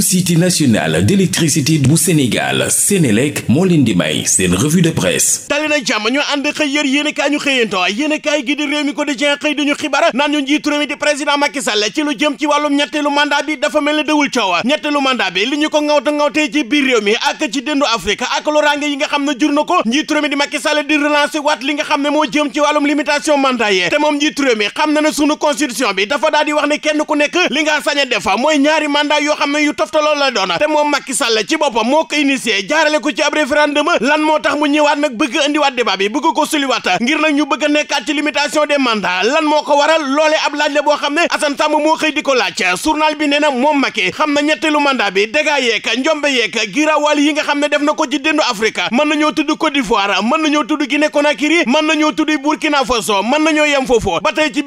société nationale d'électricité bu Sénégal Sénélec moo leen di may seen revue de presse dali jàmm ñu ànd xëy yër yéen i kaay ñu xëyanto yéen i kaay gi di réew mi ko di jen xëy dañu xibaar naan ñu njiitu di président Macky Sall ci lu jëm ci wàllum ñetteelu mandat bi dafa mel ne dawul coow ñetteelu mandat bi li ñu ko ngawta ngawtee ci biir réew mi ak ci déndu Afrique ak loraange yi nga xam ne jur na ko njiitu di Macky Sall di relancer a toftaloon la doona te moom Macky Sall ci boppam moo ko initié jaarale ko ci ab lan moo tax mu ñëwaat nag bëgg indiwaat débat bi bëgg ko suliwaat ngir nag ñu bëgg a nekkaat ci limitation des lan moo ko waral loolee ab laaj la boo xam ne Assane Samb moo xëy di ko laaj journal bi nee moom Macky xam na ñetteelu mandat bi dégaa yeeka njombe yeeka girawal yi nga xam ne def na ko ci déndu Afrique mën nañoo tudd Côte d'Ivoire mën nañoo tudd Guinée Conakry mën nañoo tudd Burkina Faso mën nañoo yem foofu ba tey ci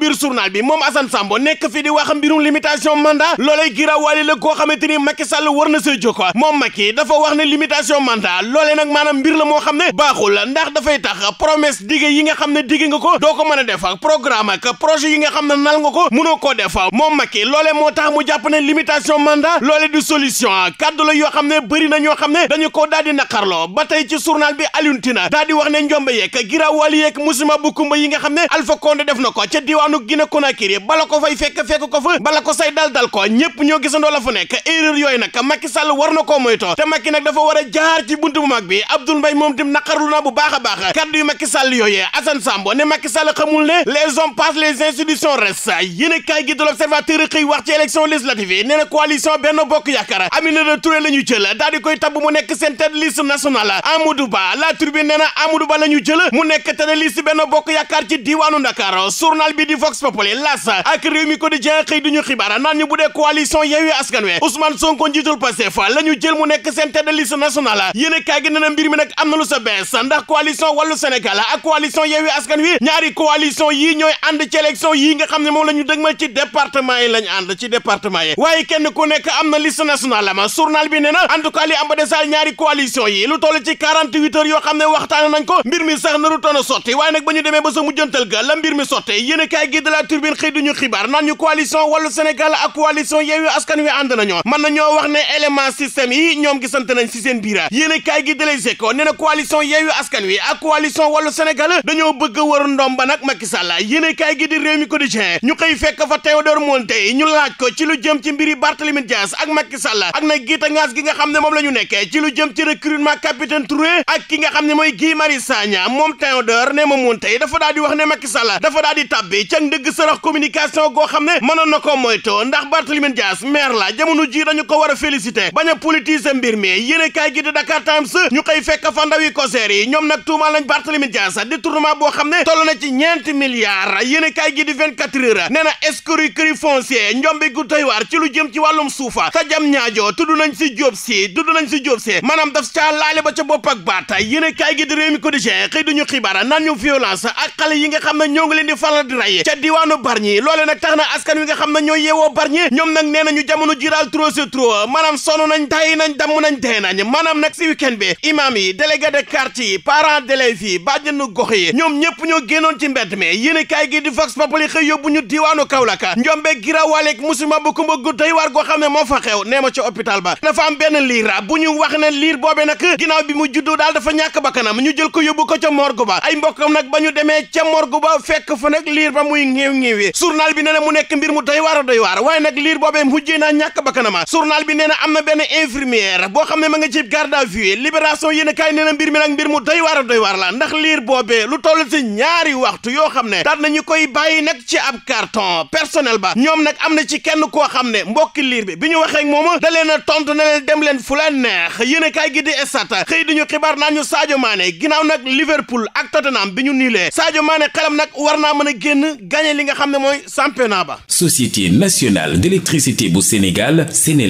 Macky Sall war na see jóg ah. moom Macky dafa wax ne limitation mandat loolee nag maanaam mbir la moo xam ne baaxul ndax dafay tax promesse dige yi nga xam ne dige nga ko doo ko mën a def ak ah. programme ak projet yi nga xam ne nal nga ko mënoo koo def ah. moom Macky loolee moo tax mu jàpp ne limitation mandat loolee du solution kaddu la yoo xam ne bëri na ñoo xam ne dañu koo daal di naqarloo ba tey ci journal bi Alioune na daal di wax ne njombe yeeg giraawaali yeeg musima bu yi nga xam ne Alpha Condé def na ko ca diwaanu Guinée Conakry bala ko fay fekk fekk ko fa bala ko say dal dal ko ñëpp ñoo gisandoo la nekk erreur yooyu nag Macky Sall war na koo moytoo te Macky nag war a jaar ci buntu bu mag bi Abdoul Mbaye moom na bu baax a baax kaddu yu Macky Sall yooyee Assane Sambo ne Macky Sall ne les hommes les institutions restent yéen a kaay gi de l'Observateur xëy wax ci élection yi nee na coalition Benno Bokk Yaakaar Aminata Touré la ñu jël daal di koy tabb mu nekk seen tête liste nationale Amadou La Tribune nee na Amadou Ba la ñu mu nekk tête liste Benno Bokk Yaakaar ci diiwaanu Sonko njiitul Pastef la ñu jël mu nekk seen tête de liste nationale yéen kaay gi nee na mbir mi nag am na lu sa bees ndax coalition wàllu Sénégal ak coalition Yewwi Askan Wi ñaari coalition yii ñooy ànd ci élection yii nga xam ne moom la ñu dëgmal ci département yi lañ ànd ci département yi waaye kenn ku nekk am na liste nationale na en tout cas li am ba desal ñaari coalition yi lu toll ci 48 heures yoo ne waxtaan nañ ko mbir mi sax naru toon a sotti waaye nag ba ñu demee ba sa mujjantal ga la mbir mi sotte yéen kaay gi de turbine xëy duñu xibaar naan ñu coalition wàllu Sénégal ak coalition Yewwi Askan Wi ànd nañoo ñoo wax ne élément système yi ñoom gisante nañ si seen biira yéen a kaay gi dalee seko nee na coalition Yewwi Askan Wi ak coalition Wallu Sénégal dañoo bëgg a wër ndomba nag Macky Sall yéen a kaay gi di Rewmi Quotidien ñu xëy fekk fa Théodore Monteil ñu laaj ko ci lu jëm ci mbiri Barthélémy Dias ak Macky Sall ak nag giitangaas gi nga xam ne moom la ñu nekkee ci lu jëm ci recrutement capitaine Touré ak ki nga xam ne mooy Guy Marius Sagna moom Théodore ne ma Monteil dafa daal di wax ne Macky Sall dafa daal di tàbbi ca ndëgg sarax communication goo xam ne mënoon na ko moytu ndax Barthélémy Dias maire la jamono ji dañu ko war a félicité bañ a politiser mbir mi yéene kaay gi di Dakar Times ñu xëy fekk fa Koseer yi ñoom nag tuumaal nañ Barthélemy Dias boo xam ne toll ci ñeenti milliards yéene kaay gi di 24 heures nee na escroquerie foncière njombe gu doy waar ci lu jëm ci wàllum suufa sa jam ñaajo tudd nañ si Jóob si tudd nañ si Jóob si maanaam daf caa laale ba ca bopp ak baat yéene gi di réew mi quotidien xëy duñu ñu violence na askan wi nga xam trop maanaam sonn nañ tay nañ damm nañ tey nañ maanaam nag si week-end bi imam yi délégué de quartier yi parents d'élèves yi bàjjenu gox yi ñoom ñëpp ñoo génnoon ci mbedd mi yéen kaay gi di Vox Populi xëy yóbbu ñu diwaanu Kaolack njombe girawaleeg musuma bu kumba gu tey war goo xam ne moo fa xew nee ma ci hôpital ba dafa am benn liira bu ñu wax ne liir boobee nag ginnaaw bi mu juddoo daal dafa ñàkk bakkanam ñu jël ko yóbbu ko ca morgue ba ay mbokkam nag ba ñu demee ca morgue ba fekk fa nag liir ba muy ñëw ñëwi journal bi ne na mu nekk mbir mu doy waar doy waar waaye nag liir boobee mujjee naa ñàkk bakkanama journal bi nee na am na benn infirmière boo xam ne ma nga ci garde à vue libération yéen a nee na mbir mi nag mbir mu doy waar a doy waar la ndax liir boobe lu toll ci ñaari waxtu yoo xam ne daal nañu koy bàyyi nag ci ab carton personnel ba ñoom nag am na ci kenn koo xam ne mbokki liir bi bi ñu waxee ak moom da na a tontu na leen dem leen fu neex yéen a kaay gi di Stades xëy di ñu xibaar naa ñu Sadio maane ginnaaw nag Liverpool ak Tottenham bi ñu niilee Sadio Mané xelam nag war naa mën a génn gagné li nga xam ne mooy championnat ba société nationale d'électricité bu Sénégal Sénégal